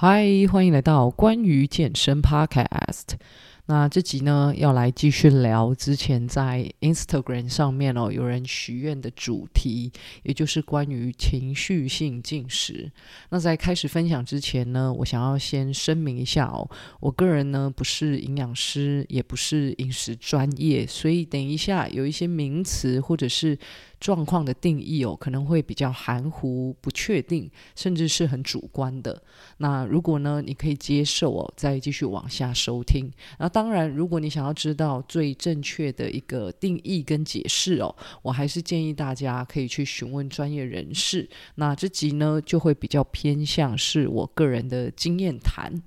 嗨，Hi, 歡迎來到關於健身 Podcast。那這集呢，要來繼續聊之前在 Instagram 上面哦，有人許願的主題，也就是關於情緒性進食。那在開始分享之前呢，我想要先聲明一下哦，我個人呢不是營養師，也不是飲食專業，所以等一下有一些名詞或者是狀況的定義哦，可能會比較含糊、不確定，甚至是很主觀的。那如果呢，你可以接受哦，再繼續往下收聽。那當然，如果你想要知道最正確的一個定義跟解釋哦，我還是建議大家可以去詢問專業人士。那這集呢，就會比較偏向是我個人的經驗談。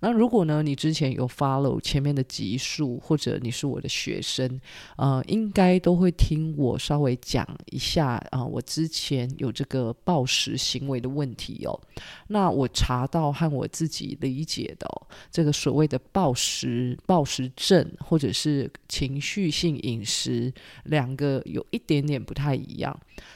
那如果呢，你之前有 follow 前面的集數，或者你是我的學生，呃，應該都會聽我稍微講一下啊、呃，我之前有這個暴食行為的問題哦。那我查到和我自己理解的、哦、這個所謂的暴食、暴食症，或者是情緒性飲食，兩個有一點點不太一樣。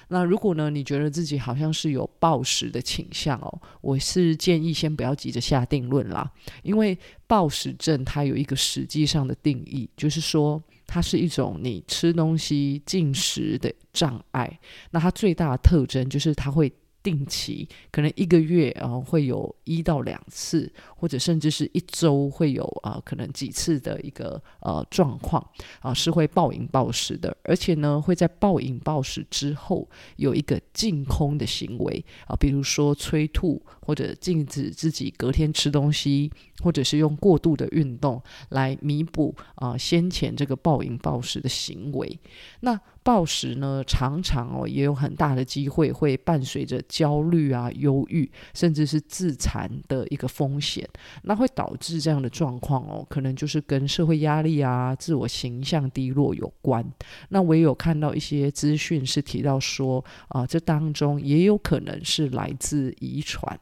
那如果呢，你覺得自己好像是有暴食的傾向哦，我是建議先不要急着下定論啦。因為暴食症，它有一個實際上的定義，就是說它是一種你吃東西進食的障礙。那它最大的特徵就是，它會定期，可能一個月啊會有一到兩次，或者甚至是一週會有啊可能幾次的一個呃、啊、狀況啊，是會暴飲暴食的，而且呢會在暴飲暴食之後有一個淨空的行為啊，比如說催吐。或者禁止自己隔天吃東西，或者是用過度的運動來彌補啊、呃、先前這個暴飲暴食的行為。那暴食呢，常常哦也有很大的機會會伴隨着焦慮啊、憂鬱，甚至是自殘的一個風險。那會導致這樣的狀況哦，可能就是跟社會壓力啊、自我形象低落有關。那我也有看到一些資訊是提到說啊、呃，這當中也有可能是來自遺傳。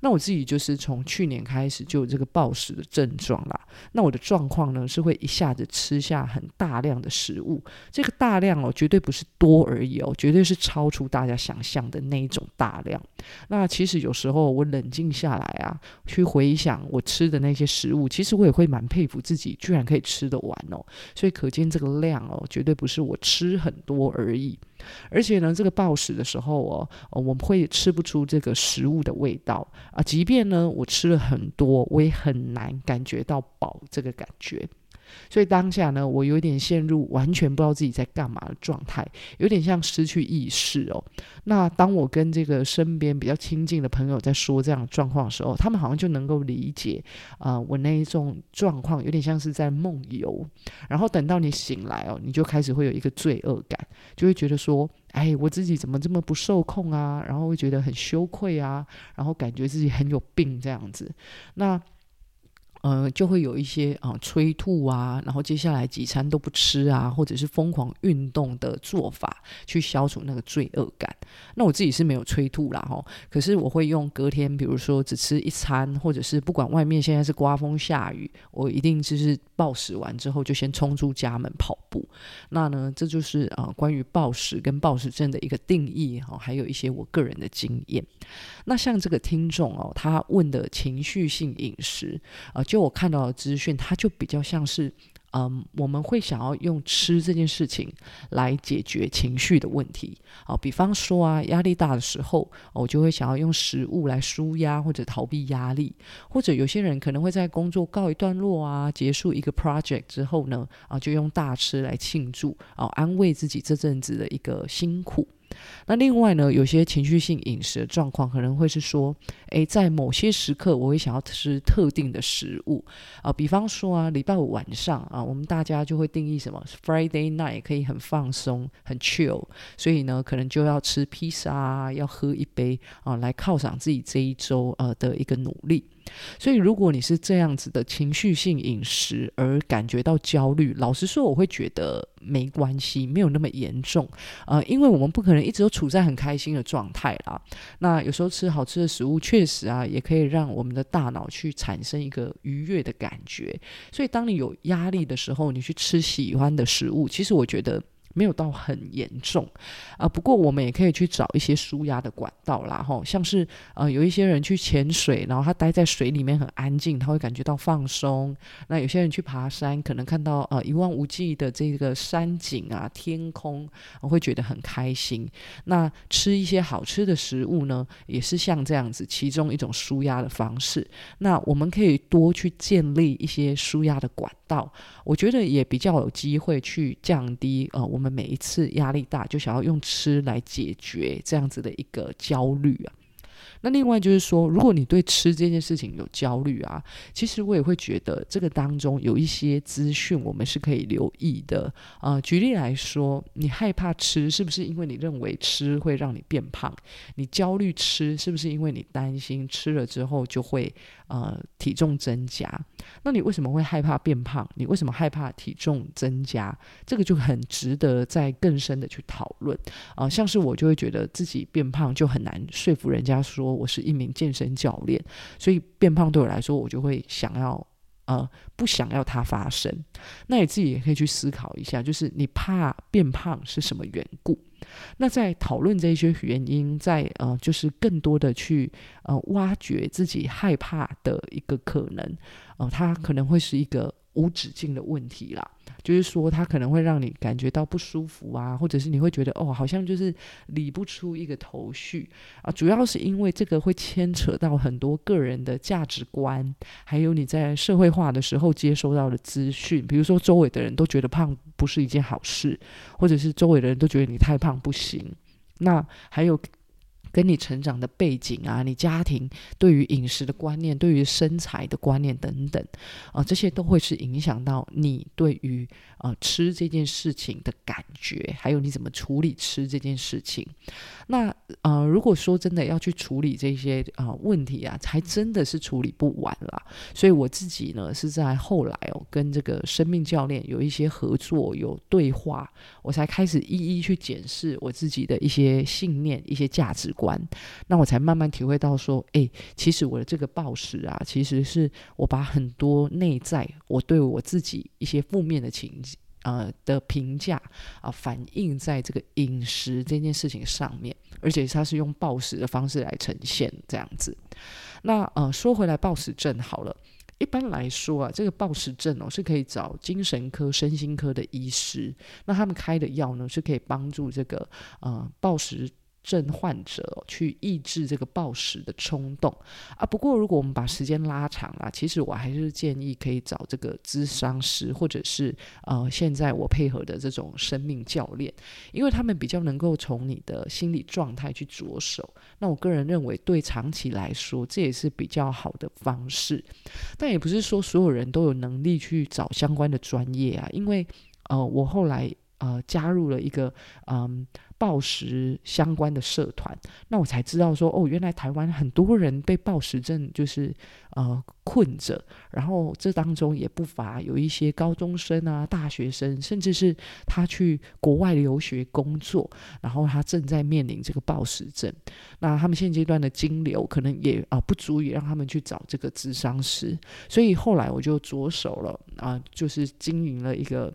那我自己就是從去年開始就有這個暴食的症狀啦。那我的狀況呢，是會一下子吃下很大量的食物。這個大量哦，絕對不是多而已哦，絕對是超出大家想象的那一種大量。那其實有時候我冷靜下來啊，去回想我吃的那些食物，其實我也會蠻佩服自己，居然可以吃得完哦。所以可見這個量哦，絕對不是我吃很多而已。而且呢，這個暴食的時候哦，哦，我們會吃不出這個食物的味道啊。即便呢，我吃了很多，我也很難感覺到飽這個感覺。所以當下呢，我有點陷入完全不知道自己在幹嘛的狀態，有點像失去意識哦。那當我跟這個身邊比較親近的朋友在說這樣的狀況的時候，他們好像就能夠理解啊、呃，我那一種狀況有點像是在夢遊。然後等到你醒來哦，你就開始會有一個罪惡感，就會覺得說：哎，我自己怎麼這麼不受控啊？然後會覺得很羞愧啊，然後感覺自己很有病這樣子。那。呃，就會有一些啊、呃、催吐啊，然後接下來幾餐都不吃啊，或者是瘋狂運動的做法去消除那個罪惡感。那我自己是沒有催吐啦哈，可是我會用隔天，比如說只吃一餐，或者是不管外面現在是颳風下雨，我一定就是。暴食完之後，就先衝出家門跑步。那呢，這就是啊、呃，關於暴食跟暴食症的一個定義哈、哦，還有一些我個人的經驗。那像這個聽眾哦，他問的情緒性飲食啊、呃，就我看到的資訊，它就比較像是。嗯，我們會想要用吃這件事情來解決情緒的問題。啊，比方說啊，壓力大的時候，啊，我就會想要用食物來舒壓或者逃避壓力。或者有些人可能會在工作告一段落啊，結束一個 project 之後呢，啊，就用大吃來慶祝，啊，安慰自己這陣子的一個辛苦。那另外呢，有些情緒性飲食的狀況，可能會是說，誒，在某些時刻，我會想要吃特定的食物，啊、呃，比方說啊，禮拜五晚上啊，我們大家就會定義什麼 Friday night 可以很放鬆，很 chill，所以呢，可能就要吃披薩，要喝一杯啊，來犒賞自己這一周呃的一個努力。所以，如果你是這樣子的情緒性飲食而感覺到焦慮，老實說，我會覺得。沒關係，沒有那麼嚴重，呃，因為我們不可能一直都處在很開心的狀態啦。那有時候吃好吃的食物，確實啊，也可以讓我們的大腦去產生一個愉悅的感覺。所以當你有壓力的時候，你去吃喜歡的食物，其實我覺得。沒有到很嚴重，啊、呃，不過我們也可以去找一些舒壓的管道啦，吼，像是呃，有一些人去潛水，然後他待在水裡面很安靜，他會感覺到放鬆；那有些人去爬山，可能看到呃一望無際的這個山景啊、天空、呃，會覺得很開心。那吃一些好吃的食物呢，也是像這樣子，其中一種舒壓的方式。那我們可以多去建立一些舒壓的管道，我覺得也比較有機會去降低呃我。我們每一次壓力大，就想要用吃來解決這樣子的一個焦慮啊。那另外就是說，如果你對吃這件事情有焦慮啊，其實我也會覺得這個當中有一些資訊我們是可以留意的啊。呃，舉例來說，你害怕吃，是不是因為你認為吃會讓你變胖？你焦慮吃，是不是因為你擔心吃了之後就會呃體重增加？那你為什麼會害怕變胖？你為什麼害怕體重增加？這個就很值得再更深的去討論啊。像是我就會覺得自己變胖就很難說服人家說。我是一名健身教練，所以變胖對我來說，我就會想要呃，不想要它發生。那你自己也可以去思考一下，就是你怕變胖是什麼緣故？那在討論這些原因，在呃，就是更多的去呃挖掘自己害怕的一個可能呃，它可能會是一個。無止境的問題啦，就是說它可能會讓你感覺到不舒服啊，或者是你會覺得哦，好像就是理不出一個頭緒啊。主要是因為這個會牽扯到很多個人的價值觀，還有你在社會化的時候接收到的資訊，比如說周圍的人都覺得胖不是一件好事，或者是周圍的人都覺得你太胖不行，那還有。跟你成長的背景啊，你家庭對於飲食的觀念，對於身材的觀念等等啊、呃，這些都會是影響到你對於啊、呃、吃這件事情的感覺，還有你怎麼處理吃這件事情。那呃，如果說真的要去處理這些啊、呃、問題啊，才真的是處理不完啦。所以我自己呢，是在後來哦，跟這個生命教練有一些合作，有對話，我才開始一一去檢視我自己的一些信念、一些價值觀。關，那我才慢慢體會到說，誒、欸，其實我的這個暴食啊，其實是我把很多內在我對我自己一些負面的情呃的評價啊、呃，反映在這個飲食這件事情上面，而且它是用暴食的方式來呈現這樣子。那呃，說回來，暴食症好了，一般來說啊，這個暴食症哦是可以找精神科、身心科的醫師，那他們開的藥呢，是可以幫助這個呃暴食。症患者去抑制這個暴食的衝動啊。不過，如果我們把時間拉長了啊，其實我還是建議可以找這個諮商師，或者是呃，現在我配合的這種生命教練，因為他們比較能夠從你的心理狀態去着手。那我個人認為，對長期來說，這也是比較好的方式。但也不是說所有人都有能力去找相關的專業啊，因為呃，我後來。呃，加入了一個嗯暴食相關的社團，那我才知道說，哦，原來台灣很多人被暴食症就是呃困着，然後這當中也不乏有一些高中生啊、大學生，甚至是他去國外留學工作，然後他正在面臨這個暴食症，那他們現階段的金流可能也啊、呃、不足以讓他們去找這個諮商師，所以後來我就着手了啊、呃，就是經營了一個。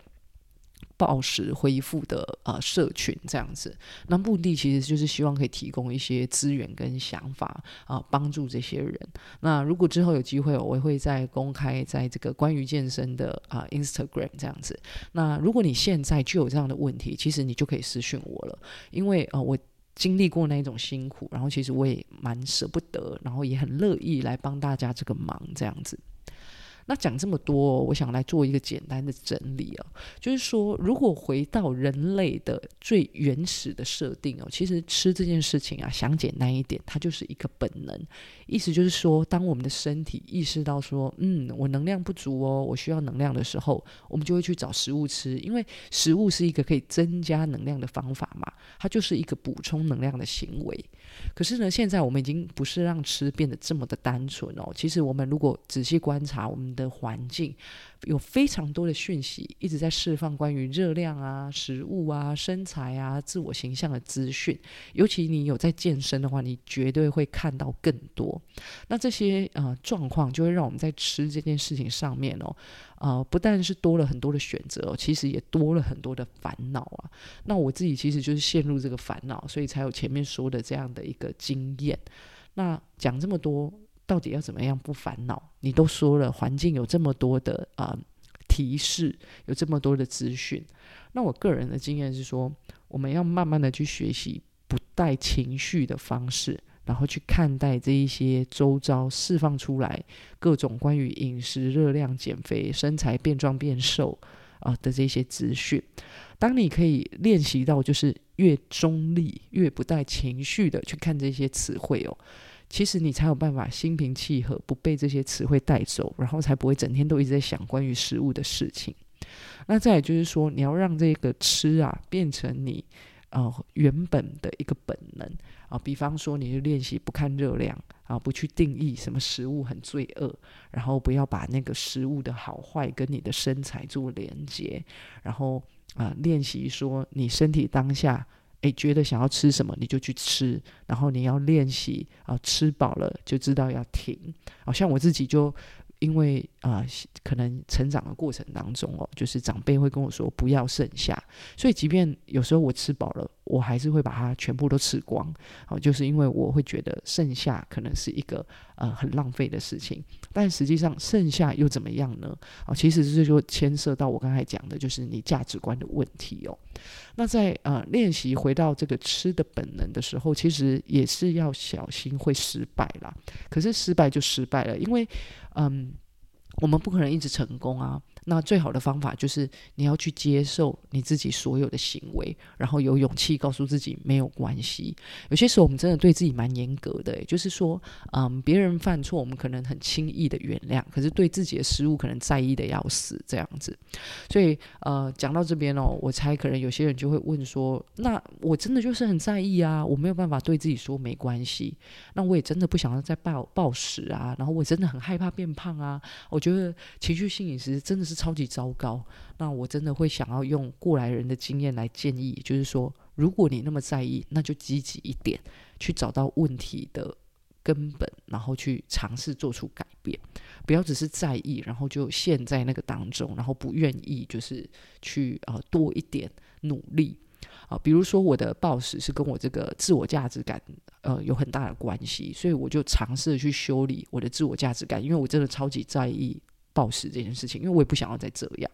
暴食恢復的啊、呃、社群這樣子，那目的其實就是希望可以提供一些資源跟想法啊、呃，幫助這些人。那如果之後有機會，我也會再公開在這個關於健身的啊、呃、Instagram 這樣子。那如果你現在就有這樣的問題，其實你就可以私訊我了，因為呃我經歷過那一種辛苦，然後其實我也蠻捨不得，然後也很樂意來幫大家這個忙這樣子。那講這麼多，我想來做一個簡單的整理哦，就是說，如果回到人類的最原始的設定哦，其實吃這件事情啊，想簡單一點，它就是一個本能。意思就是說，當我們的身體意識到說，嗯，我能量不足哦，我需要能量的時候，我們就會去找食物吃，因為食物是一個可以增加能量的方法嘛，它就是一個補充能量的行為。可是呢，現在我們已經不是讓吃變得這麼的單純哦。其實我們如果仔細觀察，我們的環境有非常多的訊息一直在釋放關於熱量啊、食物啊、身材啊、自我形象的資訊。尤其你有在健身的話，你絕對會看到更多。那這些呃狀況就會讓我們在吃這件事情上面哦，呃不但是多了很多的選擇哦，其實也多了很多的煩惱啊。那我自己其實就是陷入這個煩惱，所以才有前面說的這樣的一個經驗。那講這麼多。到底要怎麼樣不煩惱？你都說了，環境有這麼多的啊、呃、提示，有這麼多的資訊。那我個人的經驗是說，我們要慢慢的去學習不帶情緒的方式，然後去看待這一些周遭釋放出來各種關於飲食、熱量、減肥、身材變壯變瘦啊、呃、的這些資訊。當你可以練習到，就是越中立、越不帶情緒的去看這些詞彙哦。其實你才有辦法心平氣和，不被這些詞彙帶走，然後才不會整天都一直在想關於食物的事情。那再來就是說，你要讓這個吃啊變成你啊、呃、原本的一個本能啊、呃。比方說，你就練習不看熱量啊、呃，不去定義什麼食物很罪惡，然後不要把那個食物的好壞跟你的身材做連結，然後啊、呃、練習說你身體當下。你、欸、覺得想要吃什麼，你就去吃，然後你要練習啊，吃飽了就知道要停。好、啊、像我自己就。因為啊、呃，可能成長的過程當中哦，就是長輩會跟我說不要剩下，所以即便有時候我吃飽了，我還是會把它全部都吃光哦，就是因為我會覺得剩下可能是一個呃很浪費的事情，但實際上剩下又怎麼樣呢？啊、哦，其實就是說牽涉到我剛才講的，就是你價值觀的問題哦。那在啊、呃，練習回到這個吃的本能的時候，其實也是要小心會失敗啦，可是失敗就失敗了，因為。嗯，um, 我們不可能一直成功啊。那最好的方法就是你要去接受你自己所有的行為，然後有勇氣告訴自己沒有關係。有些時候我們真的對自己蠻嚴格的，就是說，嗯，別人犯錯我們可能很輕易的原諒，可是對自己的失誤可能在意的要死這樣子。所以，呃，講到這邊哦，我猜可能有些人就會問說：那我真的就是很在意啊，我沒有辦法對自己說沒關係。那我也真的不想要再暴暴食啊，然後我真的很害怕變胖啊。我覺得情緒性飲食真的是。超級糟糕，那我真的會想要用過來人的經驗來建議，就是說，如果你那麼在意，那就積極一點，去找到問題的根本，然後去嘗試做出改變，不要只是在意，然後就陷在那個當中，然後不願意就是去啊、呃、多一點努力啊、呃。比如說，我的暴食是跟我這個自我價值感呃有很大的關係，所以我就嘗試去修理我的自我價值感，因為我真的超級在意。暴食這件事情，因為我也不想要再這樣。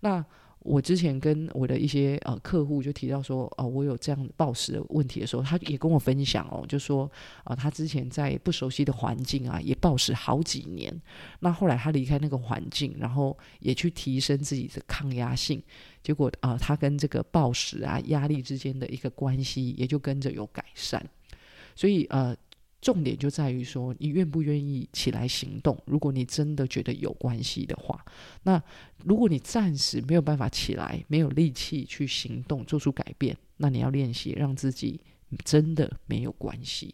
那我之前跟我的一些呃客戶就提到說，哦、呃，我有這樣的暴食的問題的時候，他也跟我分享哦，就說啊、呃，他之前在不熟悉的環境啊，也暴食好幾年。那後來他離開那個環境，然後也去提升自己的抗壓性，結果啊、呃，他跟這個暴食啊壓力之間的一個關係也就跟着有改善。所以呃。重點就在於說，你願不願意起來行動？如果你真的覺得有關係的話，那如果你暫時沒有辦法起來，沒有力氣去行動，做出改變，那你要練習讓自己真的沒有關係。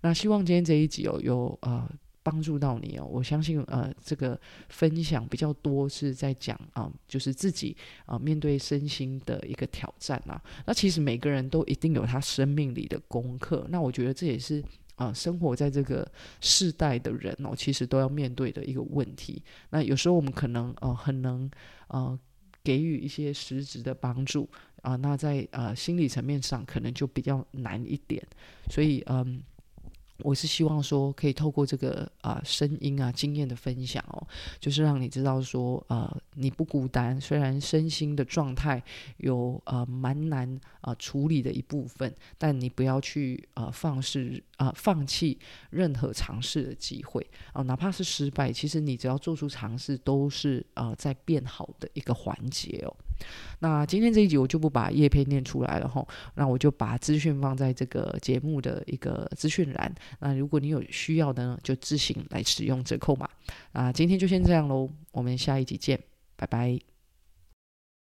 那希望今天這一集哦，有呃幫助到你哦。我相信呃，這個分享比較多是在講啊、呃，就是自己啊、呃、面對身心的一個挑戰啊。那其實每個人都一定有他生命裡的功課。那我覺得這也是。啊，生活在這個世代的人哦，其實都要面對的一個問題。那有時候我們可能哦、呃，很能啊、呃，給予一些實質的幫助啊、呃，那在啊、呃，心理層面上可能就比較難一點。所以嗯。我是希望說，可以透過這個啊、呃、聲音啊經驗的分享哦，就是讓你知道說，呃，你不孤單，雖然身心的狀態有呃蠻難啊、呃、處理的一部分，但你不要去啊、呃、放肆啊、呃、放棄任何嘗試的機會啊、呃，哪怕是失敗，其實你只要做出嘗試，都是啊在、呃、變好的一個環節哦。那今天這一集我就不把業配念出來了吼，那我就把資訊放在這個節目的一個資訊欄。那如果你有需要的呢，就自行來使用折扣碼。啊，今天就先這樣嘍，我們下一集見，拜拜。